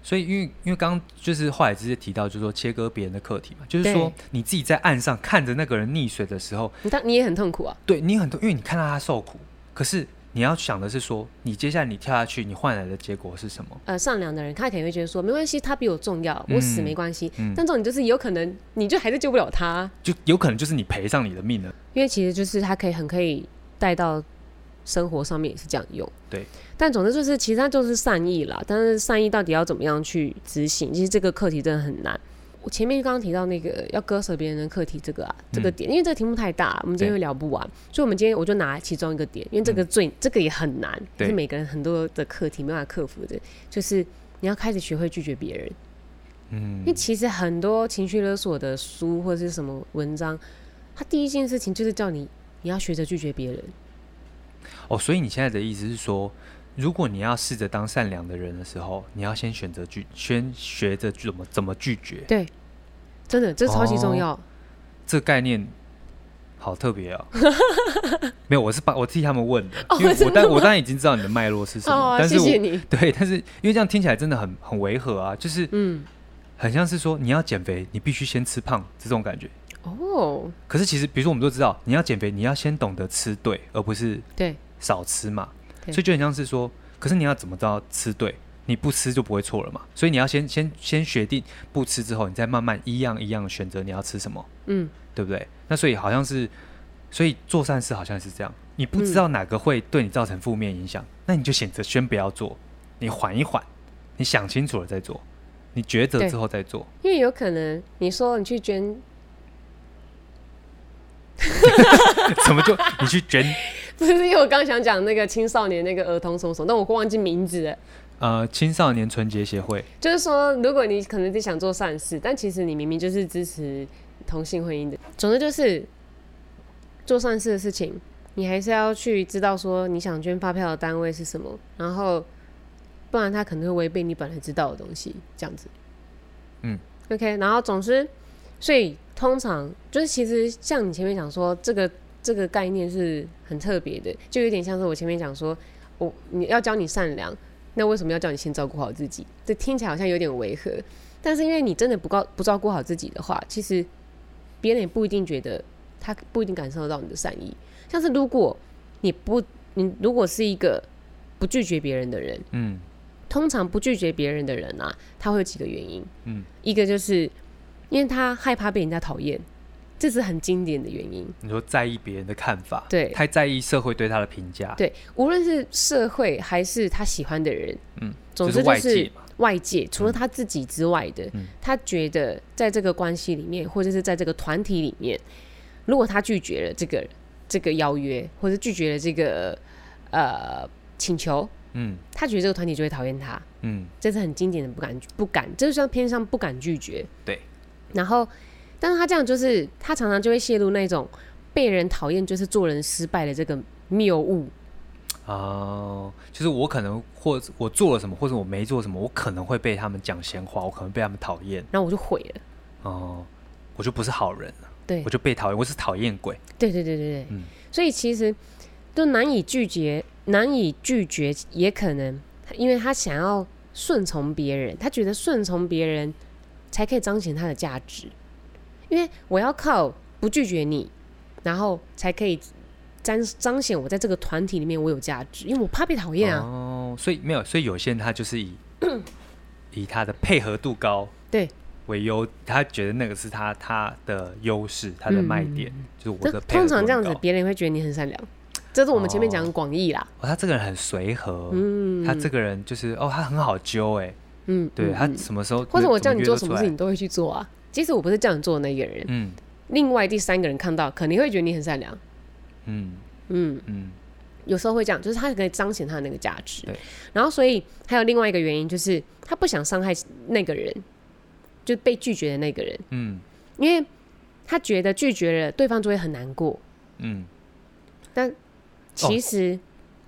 所以因，因為因為剛就是後來直接提到，就是說切割別人的課題嘛，就是說你自己在岸上看着那個人溺水的時候，你你也很痛苦啊。對，你很痛，因為你看到他受苦，可是。你要想的是說，你接下來你跳下去，你換來的結果是什麼？呃，善良的人，他肯定會覺得說，沒關係，他比我重要，嗯，我死沒關係，嗯。但這種你就是有可能，你就還是救不了他，就有可能就是你賠上你的命了。因為其實就是他可以很可以帶到生活上面也是這樣用。對。但總之就是，其實他就是善意啦，但是善意到底要怎麼樣去執行，其實這個課題真的很難。我前面剛剛提到那個要割捨別人的課題，這個、啊嗯、這個點，因為這個題目太大，我們今天會聊不完，所以我們今天我就拿其中一個點，因為這個最、嗯、這個也很難，對，是每個人很多的課題沒辦法克服的，就是你要開始學會拒絕別人。嗯，因為其實很多情緒勒索的書或者是什麼文章，他第一件事情就是叫你，你要學着拒絕別人。哦，所以你現在的意思是說？如果你要試着當善良的人的時候，你要先選擇拒，先學着怎麼怎麼拒絕。對，真的，這超級重要。哦、這個、概念好特別哦。 *laughs* 沒有，我是把我替他們問的，哦、因為我當我當然已經知道你的脈絡是什麼，但、哦、是、啊、謝謝你我。對，但是因為這樣聽起來真的很很違和啊，就是嗯，很像是說你要減肥，你必須先吃胖這種感覺。哦，可是其實，比如說我們都知道，你要減肥，你要先懂得吃對，而不是對少吃嘛。所以就很像是說，可是你要怎麼知道吃對？你不吃就不會錯了嘛。所以你要先先先決定不吃之後，你再慢慢一樣一樣的選擇你要吃什麼。嗯，對不對？那所以好像是，所以做善事好像是這樣。你不知道哪個會對你造成負面影響、嗯，那你就選擇先不要做，你緩一緩，你想清楚了再做，你抉擇之後再做。因為有可能你說你去捐 *laughs* ，怎麼就你去捐？ *laughs* *laughs* 不是，因為我剛想講那個青少年那個兒童什麼什麼，但我會忘記名字了。呃，青少年純潔協會。就是說，如果你可能在想做善事，但其實你明明就是支持同性婚姻的。總之就是，做善事的事情，你還是要去知道說你想捐發票的單位是什麼，然後不然他可能會違背你本來知道的東西，這樣子。嗯，OK。然後總之，所以通常就是其實像你前面講說這個。這個概念是很特別的，就有點像是我前面講說，我你要教你善良，那為什麼要叫你先照顧好自己？這聽起來好像有點違和，但是因為你真的不告不照顧好自己的話，其實別人也不一定覺得他不一定感受得到你的善意。像是如果你不你如果是一個不拒絕別人的人，嗯，通常不拒絕別人的人啊，他會有幾個原因，嗯，一個就是因為他害怕被人家討厭。這是很經典的原因。你說，在意別人的看法，對，太在意社會對他的評價，對，無論是社會還是他喜歡的人，嗯，總之就是外界，外界外界除了他自己之外的，嗯，他覺得在這個關係裡面，或者是在這個團體裡面，如果他拒絕了這個這個邀約，或者拒絕了這個呃請求，嗯，他覺得這個團體就會討厭他，嗯，這是很經典的不敢不敢，就算偏向不敢拒絕，對，然後。但是他這樣就是，他常常就會洩露那種被人討厭，就是做人失敗的這個謬誤。哦、呃，就是我可能或是我做了什麼，或者我沒做什麼，我可能會被他們講閒話，我可能會被他們討厭，然後我就毀了。哦、呃，我就不是好人了。對，我就被討厭，我是討厭鬼。對對對對對，嗯。所以其實都難以拒絕，難以拒絕，也可能因為他想要順從別人，他覺得順從別人才可以彰顯他的價值。因為我要靠不拒絕你，然後才可以彰彰顯我在這個團體裡面我有價值，因為我怕被討厭啊。哦，所以沒有，所以有些人他就是以 *coughs* 以他的配合度高對為優，他覺得那個是他他的優勢，他的賣點、嗯、就是我的配合、嗯。通常這樣子，別人會覺得你很善良，這是我們前面講的廣義啦、哦哦。他這個人很隨和，嗯，他這個人就是哦，他很好揪哎、欸，嗯，對，他什麼時候、嗯嗯、麼或者我叫你做什麼事你都會去做啊。即使我不是這樣做的那個人。嗯。另外第三個人看到，可能會覺得你很善良。嗯。嗯嗯。有時候會這樣，就是他可以彰顯他的那個價值。對。然後，所以還有另外一個原因，就是他不想傷害那個人，就被拒絕的那個人。嗯。因為他覺得拒絕了對方就會很難過。嗯。但其實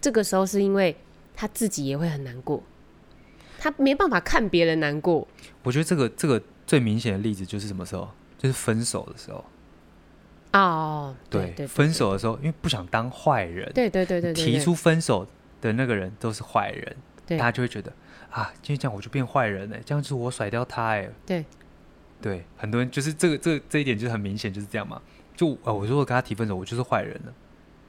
這個時候是因為他自己也會很難過，哦、他沒辦法看別人難過。我覺得這個這個。最明顯的例子就是什麼時候？就是分手的時候啊、oh,！對，對，對，對，分手的時候，因為不想當壞人，對對對對，對，對，提出分手的那個人都是壞人，大家就會覺得啊，這樣我就變壞人了，這樣就是我甩掉他哎、欸，對對，很多人就是這個這這一點就是很明顯就是這樣嘛，就啊、哦，我如果跟他提分手，我就是壞人了，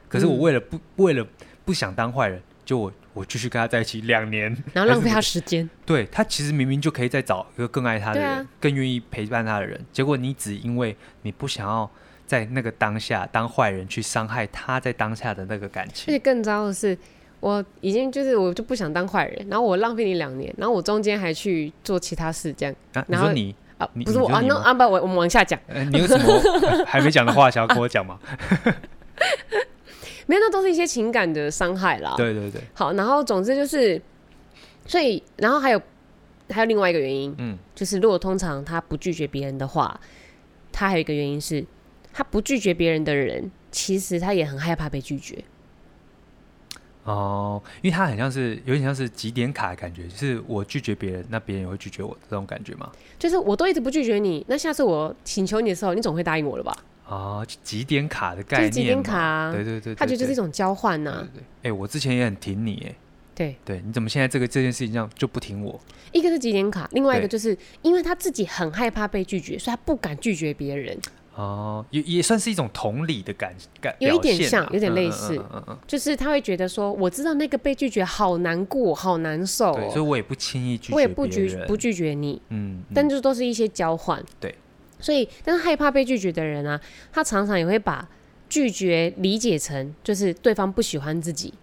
可是我為了不、嗯、為了不想當壞人。就我，我繼續跟他在一起兩年，然後浪費他時間。 *laughs* 對，他其實明明就可以再找一個更愛他的人，啊、更願意陪伴他的人。結果你只因為你不想要在那個當下當壞人去傷害他在當下的那個感情。而且更糟的是，我已經就是我就不想當壞人，然後我浪費你兩年，然後我中間還去做其他事這樣。啊、然後你，說你啊你，不是我你你啊，那、no, 啊不，我我們往下講、啊。你有什麼 *laughs* 還沒講的話想要跟我講嗎？ *laughs* 啊啊 *laughs* 沒有，那都是一些情感的傷害啦。對對對。好，然後總之就是，所以，然後還有還有另外一個原因，嗯，就是如果通常他不拒絕別人的話，他還有一個原因是，他不拒絕別人的人，其實他也很害怕被拒絕。哦，因為他很像是有點像是集點卡的感覺，就是我拒絕別人，那別人也會拒絕我這種感覺嘛。就是我都一直不拒絕你，那下次我請求你的時候，你總會答應我了吧？啊、哦，集點卡的概念，集、就是、點卡？對對對，對，對，他覺得這是一種交換、啊、對哎、欸，我之前也很挺你，哎，對對，你怎麼現在這個這件事情上就不挺我？一個是集點卡，另外一個就是因為他自己很害怕被拒絕，所以他不敢拒絕別人。哦，也也算是一種同理的感感，有一點像，啊、有點類似嗯嗯嗯嗯嗯，就是他會覺得說，我知道那個被拒絕好難過，好難受、哦對，所以我也不輕易拒絕。我也不拒不拒絕你，嗯，嗯，但就都是一些交換，對。所以，但是害怕被拒絕的人啊，他常常也會把拒絕理解成就是對方不喜歡自己，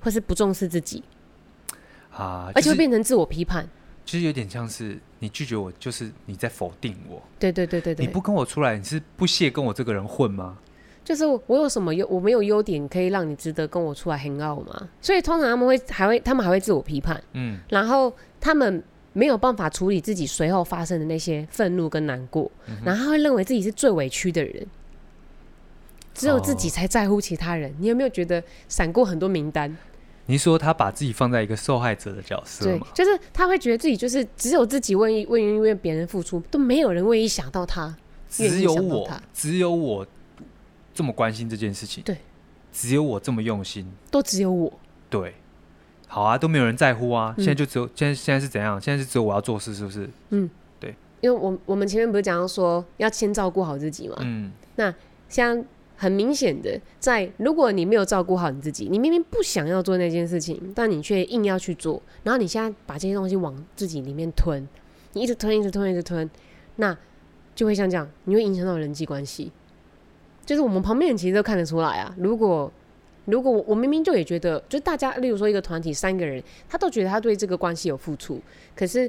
或是不重視自己啊、就是，而且會變成自我批判。其、就、實、是、有點像是你拒絕我，就是你在否定我。對對對對對，你不跟我出來，你是不屑跟我這個人混嗎？就是我有什麼優，我沒有優點可以讓你值得跟我出來 hang out 嗎？所以通常他們會還會，他們還會自我批判。嗯，然後他們。沒有辦法處理自己隨後發生的那些憤怒跟難過，嗯，然後他會認為自己是最委屈的人，只有自己才在乎其他人。哦，你有沒有覺得閃過很多名單？你說他把自己放在一個受害者的角色嗎？對，就是他會覺得自己就是只有自己，願意願意為別人付出，都沒有人願意願意想到他。只有我，只有我這麼關心這件事情。對，只有我這麼用心，都只有我。對。好啊，都沒有人在乎啊。嗯、現在就只有現在，現在是怎樣？現在是只有我要做事，是不是？嗯，對。因為我我們前面不是講到說要先照顧好自己嘛。嗯。那像很明顯的，在如果你沒有照顧好你自己，你明明不想要做那件事情，但你卻硬要去做，然後你現在把這些東西往自己裡面吞，你一直吞，一直吞，一直吞，一直吞，那就會像這樣，你會影響到人際關係。就是我們旁邊人其實都看得出來啊，如果。如果我我明明就也覺得，就是，大家例如說一個團體三個人，他都覺得他對這個關係有付出，可是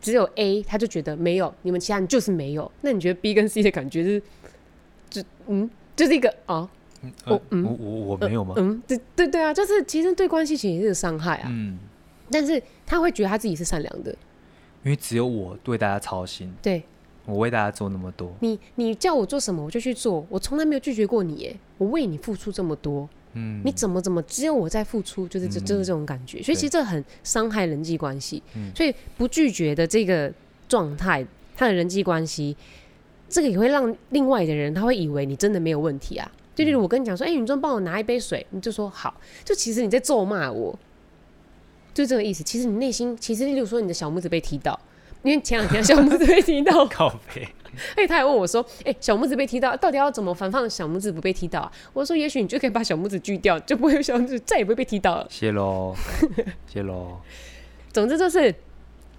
只有 A 他就覺得沒有，你們其他人就是沒有。那你覺得 B 跟 C 的感覺是，就嗯，就是一個啊，哦哦嗯呃嗯嗯嗯，我我我我沒有嗎？嗯，對對對啊，就是其實對關係其實也是傷害啊。嗯，但是他會覺得他自己是善良的，因為只有我對大家操心，對，我為大家做那麼多，你你叫我做什麼我就去做，我從來沒有拒絕過你耶，我為你付出這麼多。嗯，你怎麼怎麼只有我在付出，就是就就是這種感覺，嗯、所以其實這很傷害人際關係。所以不拒絕的這個狀態，他的人際關係，這個也會讓另外的人他會以為你真的沒有問題啊。就例如我跟你講說，哎、嗯欸，你這幫我拿一杯水，你就說好，就其實你在咒罵我，就這個意思。其實你內心，其實例如說你的小拇指被踢到，因為前兩天小拇指被踢到， *laughs* 靠北。哎，他還問我說：“哎、欸，小拇指被踢到，到底要怎麼防範小拇指不被踢到啊？”我說：“也許你就可以把小拇指鋸掉，就不會有小拇指再也不會被踢到了。謝” *laughs* 謝嘍，謝嘍。總之就是，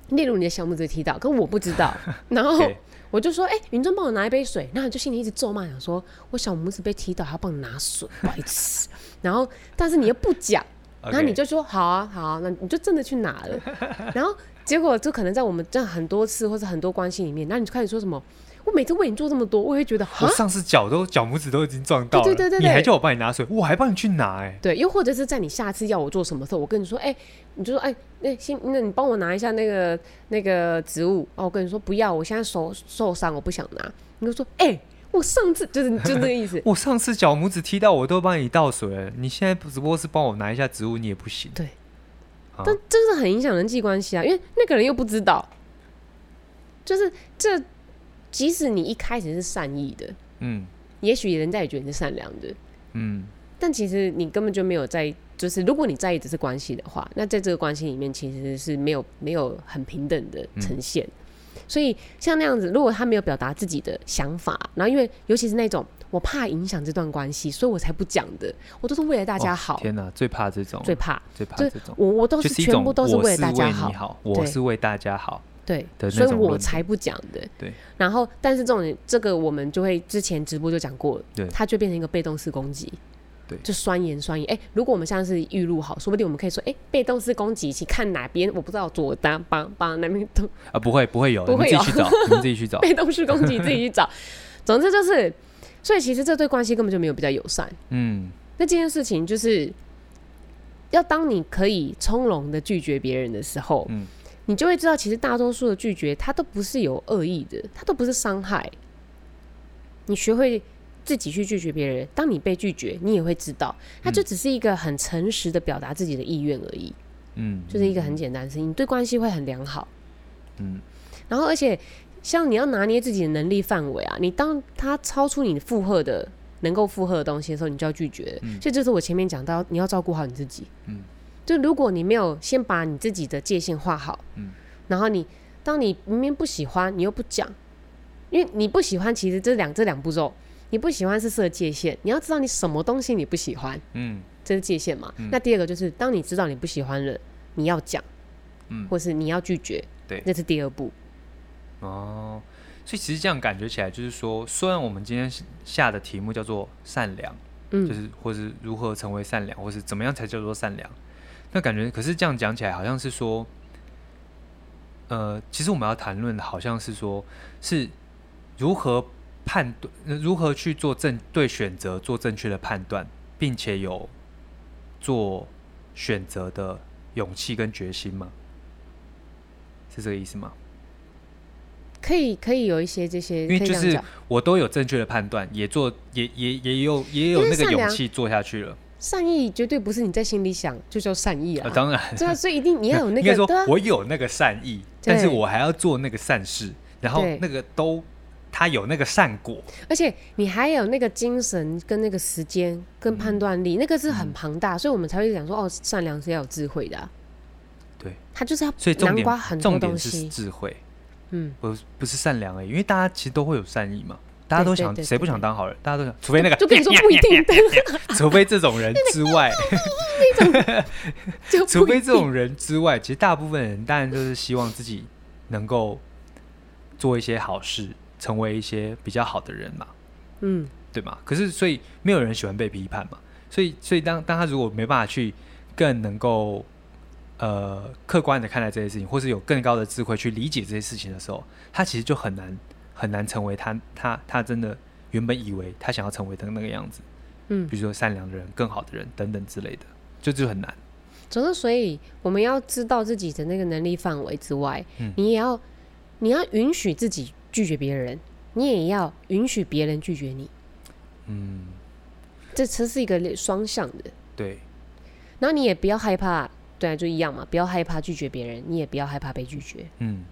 例如你的小拇指踢到，可我不知道。 *laughs* 然後、okay. 我就說：“哎、欸，雲中幫我拿一杯水。”然後你就心裡一直咒罵，想說：“我小拇指被踢到，還要幫你拿水，不好意思。 *laughs* 」然後，但是你又不講， *laughs* 然後你就說：“好啊，好啊，那你就真的去拿了。 *laughs* ”然後。結果就可能在我們這樣很多次或者很多關係裡面，那你就開始說什麼？我每次為你做這麼多，我會覺得好。我上次腳都腳拇指都已經撞到了，對對對，對，對，對，你還叫我幫你拿水，我還幫你去拿哎、欸。對，又或者是在你下次要我做什麼時候，我跟你說哎、欸，你就說哎，那、欸、行、欸，那你幫我拿一下那個那個植物哦、啊，我跟你說不要，我現在手受傷，我不想拿。你就說哎、欸，我上次就是就是、那個意思， *laughs* 我上次腳拇指踢到我，我都幫你倒水，你現在只不過是幫我拿一下植物，你也不行。對。但這是很影響人際關係啊，因為那個人又不知道，就是這，即使你一開始是善意的，嗯，也許人家也覺得你是善良的，嗯，但其實你根本就沒有在意，就是如果你在意只是關係的話，那在這個關係裡面其實是沒有沒有很平等的呈現，嗯，所以像那樣子，如果他沒有表達自己的想法，然後因為尤其是那種。我怕影響這段關係，所以我才不講的。我都是為了大家好。哦、天吶，最怕這種，最怕最怕這種。就是、我我都是、就是、全部都是為了大家好。我是為你好，我是為大家好。對的，所以我才不講的。對。然後，但是這種人，這個我們就會之前直播就講過，對，他就變成一個被動式攻擊，對，就酸言酸語。哎、欸，如果我們像是預錄好，說不定我們可以說，哎、欸，被動式攻擊，去看哪邊，我不知道左單幫幫那邊動啊，不會不會有，不會有，你們自己去找，自己去找被動式攻擊，自己去找。 *laughs* 去找 *laughs* 總之就是。所以其實這對關係根本就沒有比較友善。嗯，那這件事情就是要當你可以從容的拒絕別人的時候，嗯，你就會知道其實大多數的拒絕它都不是有惡意的，它都不是傷害。你學會自己去拒絕別人，當你被拒絕，你也會知道，它就只是一個很誠實的表達自己的意願而已。嗯，就是一個很簡單的事情，音，對關係會很良好。嗯，然後而且。像你要拿捏自己的能力範圍啊，你當它超出你負荷的能夠負荷的東西的時候，你就要拒絕。所以這是我前面講到，你要照顧好你自己。嗯，就如果你沒有先把你自己的界限畫好，嗯，然後你當你明明不喜歡，你又不講，因為你不喜歡，其實這兩這兩步驟，你不喜歡是設界限，你要知道你什麼東西你不喜歡，嗯，這是界限嘛，嗯。那第二個就是，當你知道你不喜歡了，你要講，嗯，或是你要拒絕，對，這是第二步。哦，所以其實這樣感覺起來，就是說，雖然我們今天下的題目叫做善良，嗯，就是或是如何成為善良，或是怎麼樣才叫做善良，那感覺可是這樣講起來，好像是說，呃，其實我們要談論的，好像是說，是如何判斷，如何去做正對選擇，做正確的判斷，並且有做選擇的勇氣跟決心嗎？是這個意思嗎？可以可以有一些這些，因為就是我都有正確的判斷，也做也也也有也有那個勇氣做下去了。善，善意絕對不是你在心裡想就叫善意啊、哦。當然對，所以一定你要有那個。應該說我有那個善意，但是我還要做那個善事，然後那個都他有那個善果，而且你還有那個精神跟那個時間跟判斷力、嗯，那個是很龐大、嗯，所以我們才會講說哦，善良是要有智慧的，對，他就是要所以南瓜很重點，重點是智慧。嗯，不是善良而已、欸。因為大家其實都會有善意嘛，大家都想誰不想當好人，大家都想，除非那個，就比如說不一定除非這種人之外、啊啊啊啊啊啊， *laughs* 除非這種人之外，其實大部分人當然就是希望自己能夠做一些好事， *laughs* 成為一些比較好的人嘛，嗯，對嘛。可是所以沒有人喜歡被批判嘛，所以所以當當他如果沒辦法去更能夠。呃，客觀的看待這些事情，或是有更高的智慧去理解這些事情的時候，他其實就很難很難成為他他他真的原本以為他想要成為的那個樣子，嗯，比如說善良的人、更好的人等等之類的，就就很難。總之，所以我們要知道自己的那個能力範圍之外，嗯，你也要你要允許自己拒絕別人，你也要允許別人拒絕你，嗯，這其實是一個雙向的，對。那你也不要害怕。對，就一樣嘛，不要害怕拒絕別人，你也不要害怕被拒絕。嗯，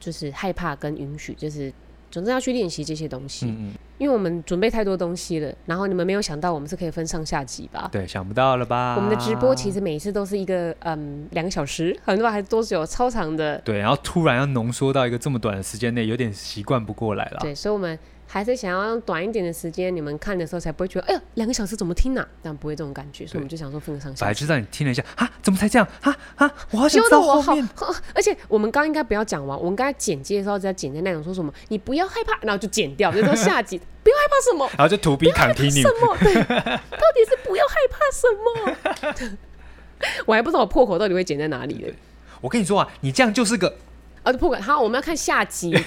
就是害怕跟允許，就是，總之要去練習這些東西。嗯，嗯，因為我們準備太多東西了，然後你們沒有想到我們是可以分上下集吧？對，想不到了吧？我們的直播其實每一次都是一個嗯兩個小時，很多還都是有超長的。對，然後突然要濃縮到一個這麼短的時間內，有點習慣不過來了。對，所以，我們。還是想要用短一點的時間，你們看的時候才不會覺得，哎呦，兩個小時怎麼聽呢？啊？但不會這種感覺，所以我們就想說分個上下。才知道你聽了一下，哈，怎麼才這樣？哈啊！羞的我，我好，而且我們剛應該不要講完，我們剛才剪接的時候只要剪在剪接那種說什麼，你不要害怕，然後就剪掉，就說下集 *laughs* 不要害怕什麼，然後就 to be continue 你什麼對 *laughs* 到底是不要害怕什麼？ *laughs* *laughs* 我還不知道我破口到底會剪在哪裡呢？我跟你說啊，你這樣就是個。啊，破口好，我們要看下集。 *laughs* 然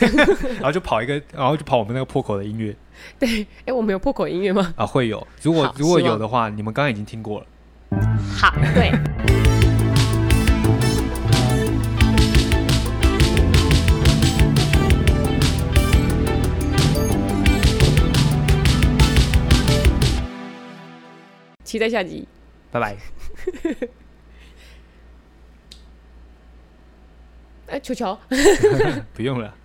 後就跑一個，然後就跑我們那個破口的音樂。對，哎、欸，我們有破口音樂嗎？啊，會有。如果如果有的話，你們剛剛已經聽過了。好，對。 *laughs* 期待下集，拜拜。 *laughs* 哎，球球， *laughs* *laughs* 不用了。